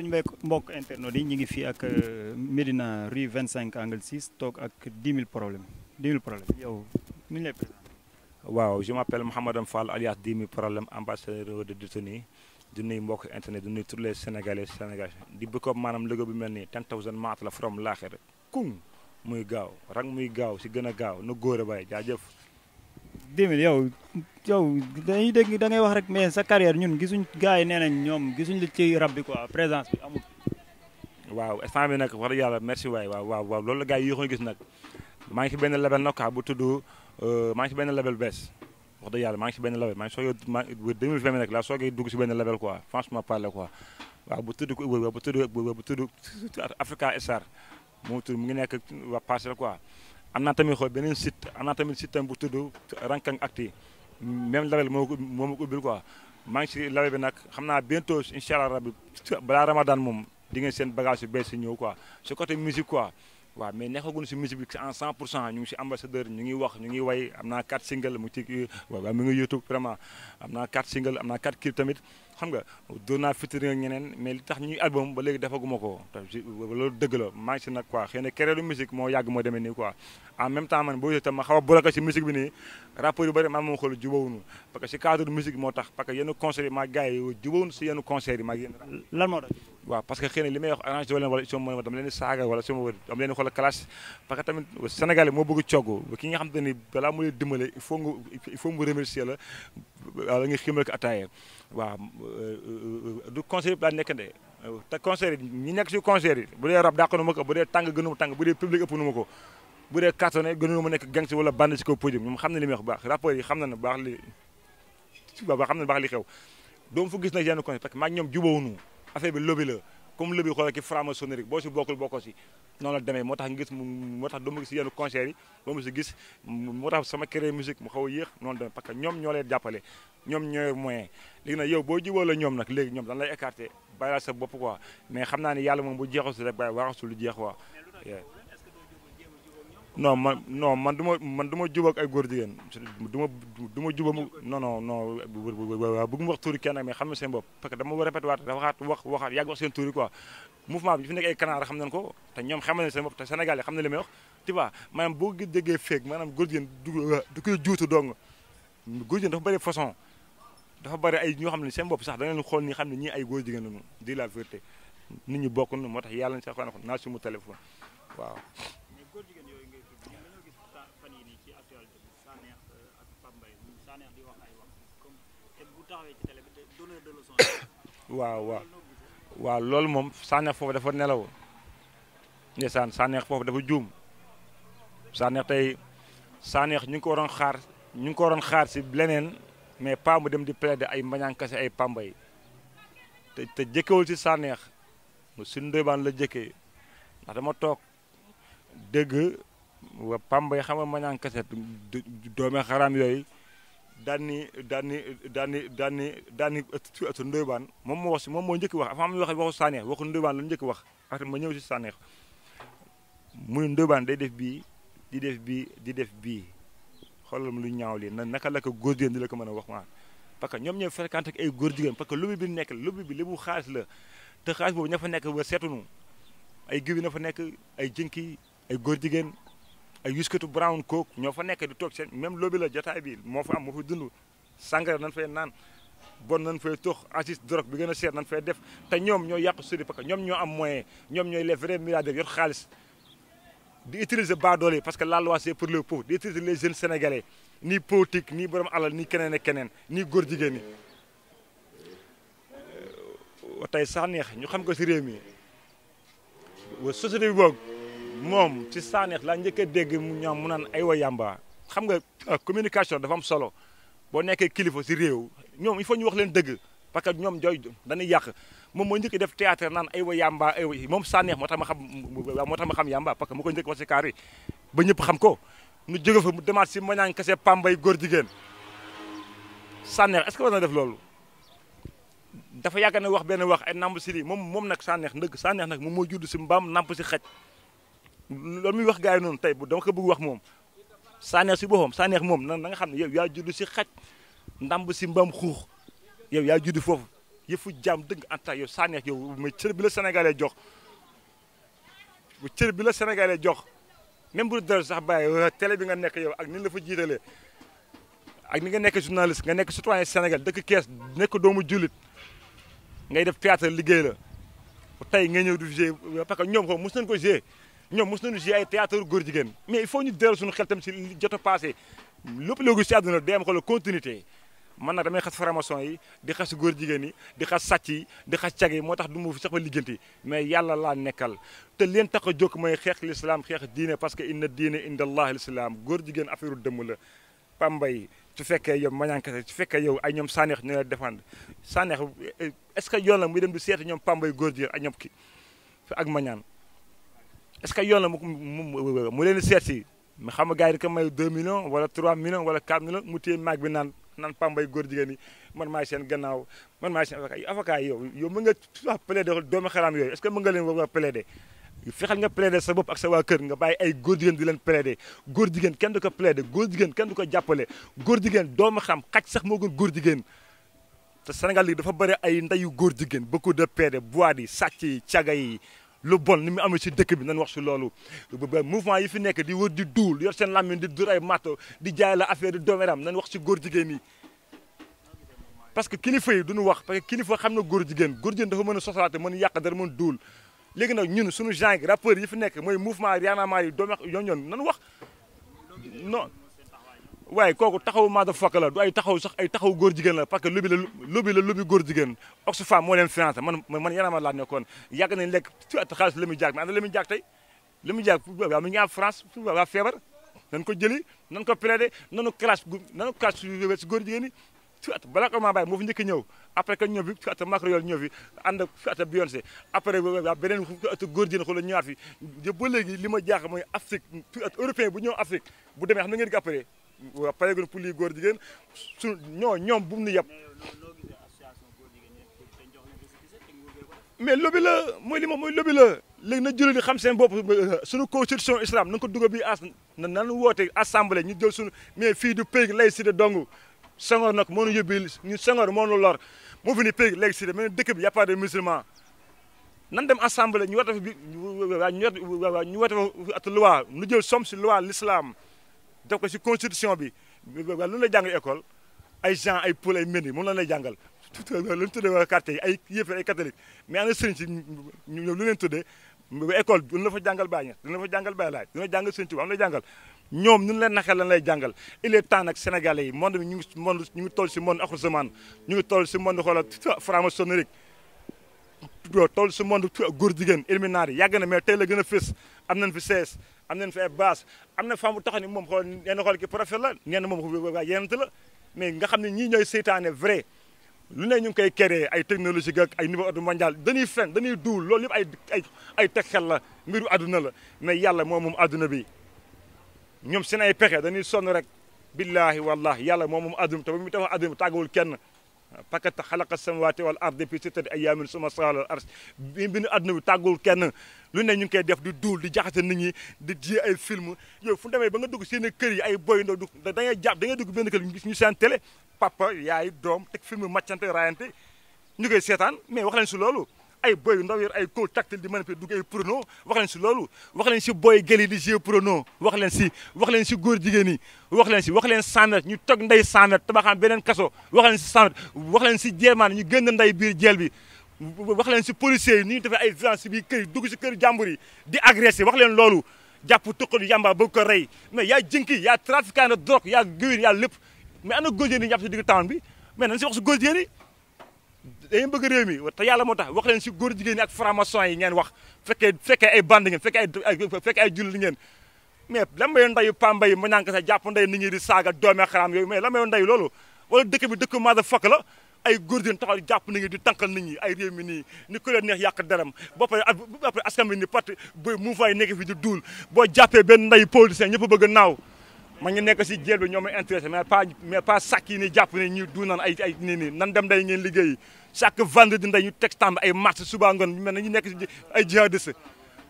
suñu mbokk mbokk internet yi ñu ngi fi ak euh, Médina rue 25 angle 6 toog ak 10 000 problèmes 10 000 problèmes yow nu ñu lay présenté. waaw je m' appelle Mouhamadou Fall alias 10 000 problèmes ambassadeur de Détenu di nuyu mbokk internet di nuyu les sénégalais sénégalais di bëggoon maanaam logo bi mel nii 10000 maat la from laaxir kuñ muy gaaw rang muy gaaw si gën a gaaw na góor a jaajëf. tamit yow yow dañuy dégg da wax rek mais sa carrière ñun gisuñ gars yi nee nañ ñoom gisuñ la ci rab bi quoi présence bi amul. waaw instant bi nag wax dëgg yàlla merci waay waaw waaw waaw loolu la gars yi yoo gis nag maa ngi si benn label nag quoi bu tudd euh, maa ngi si benn label bees wax dëgg yàlla maa ngi si benn label maa ngi soog a maa 2020 nag laa benn label ko franchement parler quoi waaw bu tudd bu tudd bu tudd Africa Star moo tudd mu ngi nekk waa Parcelles quoi. am na tamit xool beneen site am na tamit sit tam bu tudd Rankang Actu même label moo ko moo ma ko ubbil maa ngi si label bi nag xam naa bientôt incha allah rabbi balaa Ramadan moom di ngeen seen bagage yu bees yi ñëw quoi su côté musique quoi waaw mais neexaguñu si musique bi en 100 cent ñu ngi si ambassadeur ñu ngi wax ñu ngi way am naa 4 single mu ngi ci waaw mu am na 4 single am na 4 clip tamit. xam nga doon naa fitri ak ñeneen mais li tax ñuy album ba léegi defaguma ko loolu dëgg la maa ngi si nag quoi xëy na kereelu moo yàgg moo demee nii quoi en même temps ma xaw a si musique bi nii rapport yu bëri maa moom xool jubawuñu parce que si cadre musique moo tax parce que yenn concert yi maa gars yi jubawuñu si yenn concert yi maa yenn lan moo tax waaw parce que xëy na li may wax arrangé wala wala suma mën dama leen saaga wala suma dama leen xool classe parce waaw nga ximal ko ataaya waaw euh, euh, du concert yëpp laa nekk de te concert yi ñi nekk si concert yi bu dee rab dàqanu ma ko bu dee tàng gënu ma tàng bu dee public ëpp nu ma ko bu dee cartonné gënu ma nekk gang si wala band si kaw podium ñoom xam na li may wax baax rapport yi xam na ne baax li baax xam na baax li xew doom fu gis na yenn concert parce que maa ngi ñoom jubóowuñu affaire bi lobby la comme lobby xoolal ki franc-maçonnerie boo si bokkul bokkoo noonu la demee moo tax nga gis moo tax doo ma gis yenn concert yi doo ma si gis moo tax sama créer musique mu xaw a yéex noonu demee parce que ñoom ñoo leen jàppale ñoom ñooy moyen léegi nag yow boo jubóo la ñoom nag léegi ñoom dañ lay écarté bàyyi la sa bopp quoi mais xam naa ne yàlla moom bu jeexasul rek bàyyi waxasul lu jeex quoi non man non man du ma man ma jubóog ay góor jigéen du ma du ma jubóog non non non waaw bëgg mu wax tuuri kenn nag mais xam na seen bopp parce que dama war a répété waat dafa waxaat wax waxaat yàgg wax seen tuuri quoi mouvement bi ñu fi nekk ay canard xam nañ ko te xam na li may wax tu vois maanaam boo déggee feeg maanaam góor jigéen du euh, juutu dong góor dafa bëri façon dafa bëri ay ñoo xam ne seen bopp sax da ngeen xool ni xam ne ñii ay góor jigéen lañu di la vérité nit ñi bokk na moo tax yàlla na sax naa sumu téléphone waaw waaw waaw loolu moom Sanekh foofu dafa nelaw ndeysaan sànneex foofu dafa juum Sanekh tey sànneex ñu ngi ko waroon xaar ñu ngi ko waroon xaar si leneen mais pas mu dem di plaider ay mbañaankase ay pambay te te jëkkewul si sànneex mu suñu ndoybaan la jëkkee dama toog dëgg wa pambay xam nga mbañaankase yooyu daan ni daan ni daan ni ni daan ni ci moom moo wax si moom moo njëkk wax avant muy wax waxu Sanex waxu la njëkk wax après ma ñëw si Sanex muy Ndoyebaan day def bii di def bii di def bii xoolal lu ñaaw lii na naka la ko góor jigéen la ko mën a wax maanaam parce que ñoom ñooy fréquenté ay góor jigéen parce que lobby bi nekk lobby bi li bu xaalis la te xaalis boobu ña fa nekk ba seetunu ay giw yi na fa nekk ay jënki ay góor jigéen ay wiskatu brown coke ñoo fa nekk di toog seen même lobby la jotaay bi moo fa am moo fa dund sangara nañ fay naan bon nañ fay tox assist drogue bi gën a seer nañ fay def te ñoom ñoo yàqu sudi parce que ñoom ñoo am moyen ñoom ñooy les vrais milliardaires yor xaalis di utiliser baadoole yi parce que la loi c'est pour les pauvres di utiliser les jeunes sénégalais nii politique nii borom alal nii keneen keneen nii góor jigéen ñi tey neex ñu xam ko si réew mi moom ci Sanekh laa njëkk a dégg mu ñaam mu naan ay wa yàmba xam nga euh, communication dafa am solo boo nekkee kilifa si réew ñoom il faut ñu wax leen dëgg parce que ñoom jooy dañuy yàq moom moo njëkk def théâtre naan ay wa yàmba ay wa moom Sanekh moo tax ma xam moo tax ma xam yàmba parce que mu ko njëkk ñëpp xam ko nu jóge fa mu demaat si mañaan kese pambay góor jigéen Sanekh est-ce que war naa def loolu dafa yàgg na wax benn wax ay namb si lii moom moom nag Sanekh ndëgg Sanekh nag moom moo judd si mbaam namp si xaj loolu muy wax gars yi noonu tey bu dama ko bëgg wax moom Sanex si boppam Sanex moom na nga xam ne yow yaa judd si xaj ndamb si mbam xuux yow yaa judd foofu yëfu jàmm dëgg en tant yow Sanex yow mais cër bi la Sénégalais jox bu bi la Sénégalais jox même bu dara sax bàyyi télé bi nga nekk yow ak ni la fa jiitalee ak ni nga nekk journaliste nga nekk citoyen Sénégal dëkk kees nekk doomu julit ngay def théâtre liggéey la tey nga ñëw di jouer parce que ñoom ko mos nañ ko jouer ñoom mos nañu si ay théâtre góor jigéen mais il faut ñu dellu suñu xel tam si li jot a passé lépp léegi si àdduna dem ko la continuité man nag damay xas formation yi di xas góor jigéen yi di xas sàcc yi di xas cag yi moo tax du ma sax ba liggéenti mais yàlla laa nekkal te leen tax a jóg mooy xeex li lislaam xeex diine parce que in diine inda allah lislaam góor jigéen affaire dëmm la pambay su fekkee yow mañankase su fekkee yow ay ñoom saaneex ñu la défendre saaneex est ce que yoon la dem di seeti ñoom pambay góor jigéen ak ñoom ki ak mañaan est que yoon la mu mu leen seet si mais xam nga gars yi ko may 2 millions wala 3 millions wala 4 millions mu téye maag bi naan naan pambay góor jigéen yi man maay seen gannaaw man maay seen avocat yi avocat yi yow yow mën nga wax plaider doomu xaraam yooyu est-ce que mën nga leen wax plaider fexeel nga plaider sa bopp ak sa waa kër nga bàyyi ay góor jigéen di leen plaider góor jigéen kenn du ko plaider góor jigéen kenn du ko jàppale góor jigéen doomu xaraam xaj sax moo gën te Sénégal lii dafa bëri ay ndeyu góor jigéen beaucoup de pd bois yi sàcc yi caga yi lu bon ni mu amee si dëkk bi nañ wax si loolu mouvement yi fi nekk di wër di duul yor seen làmmiñ di dur ay mato di jaay la affaire di doomeram nañ wax si góor jigéen yi parce que kilifa du duñu wax parce que kilifa xam na góor jigéen góor jigéen dafa mën a sosalaate mën a yàq dara mën duul léegi nag ñun suñu genre rappeurs yi fi nekk mooy mouvement Y'en a marre yi doom yoon nañ wax non waaye kooku taxaw maada fakk la du ay taxaw sax ay taxaw góor jigéen la parce que lobby la lobby la lobby góor jigéen Oxfam moo leen financé man man yanama laaj ne kon yàgg nañ lekk ci at xaalis la muy jaag mais ana la muy góor jigéen yi su at balaa ko maa li ma jaax mooy Afrique su at européen bu ñëw Afrique bu demee xam na ngeen ko après waa pareeguñu pour lii góor jigéen su ñoo ñoom bu yab mais lobby la mooy li ma mooy lobby la léegi na jullit di xam seen bopp euh, suñu constitution islam na nga ko dugal bi as nan woote assemblée ñu jël suñu mais fii du pays laïcité dong Senghor nag moo nu yóbbu ñu Senghor moo nu lor moo fi y a pas de musulman nan ñu woote fi bi ñu si loi l'islam def ko si constitution bi lu la jàng école ay Jean ay Paul ay Mendy moom la lay jàngal lu ñu tuddee quartier yi ay yëfër ay catholique mais ana sëriñ si ñoom lu leen tuddee école duñu la fa jàngal Baay Ñas duñu jàngal Baay Laay duñu la jàngal sëriñ Tuubaa am la jàngal ñoom ñun leen naxee lan lay jàngal il est temps nag ñu ñu ngi toll si monde axru zaman ñu ngi toll si monde xoolal franc-maçonnerie bro toll si monde góor jigéen éliminaar yi yàgg na mais tey la gën a fës am nañ fi sees am nañ fi ay base am na femme bu taxaw ni moom xool ngeen xool ki prophète la ngeen moom waa yenent la nga xam ne ñii ñooy seytaane vrai lu ne ñu ngi koy créé ay technologie ak ay niveau addu mondial dañuy fen dañuy duul loolu yëpp ay ay la mbiru àdduna la mais yàlla moom moom àdduna bi ñoom seen ay pexe dañuy sonn rek billaahi wallaahi yàlla moom moom àdduna te bu mu tax àdduna bi tàggawul kenn pakata xalaqa samawati wal ardi fi sittati ayamin suma sawal ars bi bi nu kenn lu ne ñu ngi def di duul di jaxase nit ñi di ji ay film yow fu demee ba nga dugg seen kër yi ay boy ndaw da ngay jàpp da ngay dugg benn kër ñu seen télé papa yaay doom teg film màccante raayante ñu koy seetaan mais wax leen si loolu ay boy yu ndaw yor ay kóol tactile di manipuler dugg ay prono wax leen si loolu wax leen si boy gel yi di jouer prono wax leen si wax leen si góor jigéen yi wax leen si wax leen sanmet ñu tog nday sanmet tabaxaan beneen kaso wax leen si sanmet wax leen si jeermaan ñu génn nday biir jel bi wax leen si policiers yi ni ñu defee ay violence si biir kër yi dugg si kër jàmbur yi di agressé wax leen loolu jàpp tuqal yamba bëgg ko rey mais yaa jënki yaa trafiquant de drogue yaa gëwin yaa lépp mais ana góor jigéen yi ñu jàpp si digg town bi mais nañ si wax si góor jigéen dañu bëgg réew mi te yàlla moo tax wax leen si góor jigéen ñi ak franc-maçon yi ngeen wax fekkee fekkee ay bande ngeen fekkee ay fekkee ay jullit la may ndayu pambay ma ñànk sa jàpp nday nit di saaga doomee xaraam yooyu mais la may ndayu loolu wala dëkk bi dëkk mother fuck la ay góor jigéen taxaw jàpp nit ñi di tànkal nit ñi ay réew mi ni ku leen neex yàq deram ba pare askan ni parti boy mouvement yi nekk fi di duul boo jàppee benn nday politicien ñëpp bëgg naaw ma ñu nekk si jéel bi ñoo ma intéressé mais pas mais pas sàkk yi ni jàpp ne ñu du naan ay ay nan dem day ñu liggéeyi chaque vendredi nday ñu teg stand ay marché suba ngoon mel na ñu nekk si ay jihadiste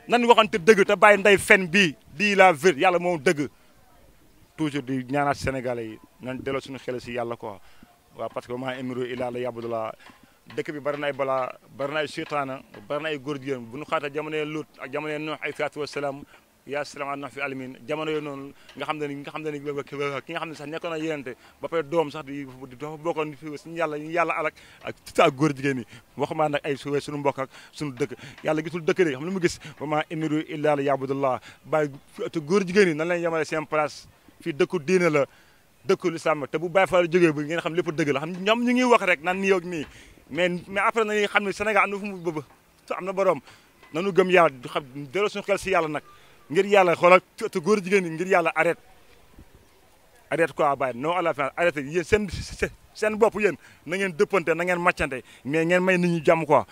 nan waxante dëgg te bàyyi nday fen bii di la vir yàlla moom dëgg toujours di ñaanaat sénégalais yi nan delloo suñu xel si yàlla quoi waaw parce que maa émiro ilaa la yabudulaa dëkk bi bari na ay bala bari na ay seytaana bari ay góor jigéen bu nu xaata jamonoy Luut ak jamonoy Nuux ay yaa salaam àdduna fi alamin jamono yooyu noonu nga xam ne ni nga xam ne ni ki nga xam ne sax nekkoon na yenente ba pare doom sax di dafa bokkoon fi suñu yàlla ñu yi waxumaa nag ay suwe suñu mbokk ak suñu dëkk yàlla gisul xam ne mu gis ba ma émiru illaa la yaabudullah bàyyi te góor jigéen yi nan lañ yemale seen place fii la dëkku lislaam te bu bàyyi fa jógee bu xam lépp am na fu na borom nanu gëm yàlla xam delloo suñu xel si yàlla nag ngir yàlla xoolal te góor jigéen ñi ngir yàlla arrête arrête quoi bàyyi non à la fin arrêté yéen seen seen bopp yéen na ngeen dëppante na ngeen màccante mais ngeen may nit ñi jàmm quoi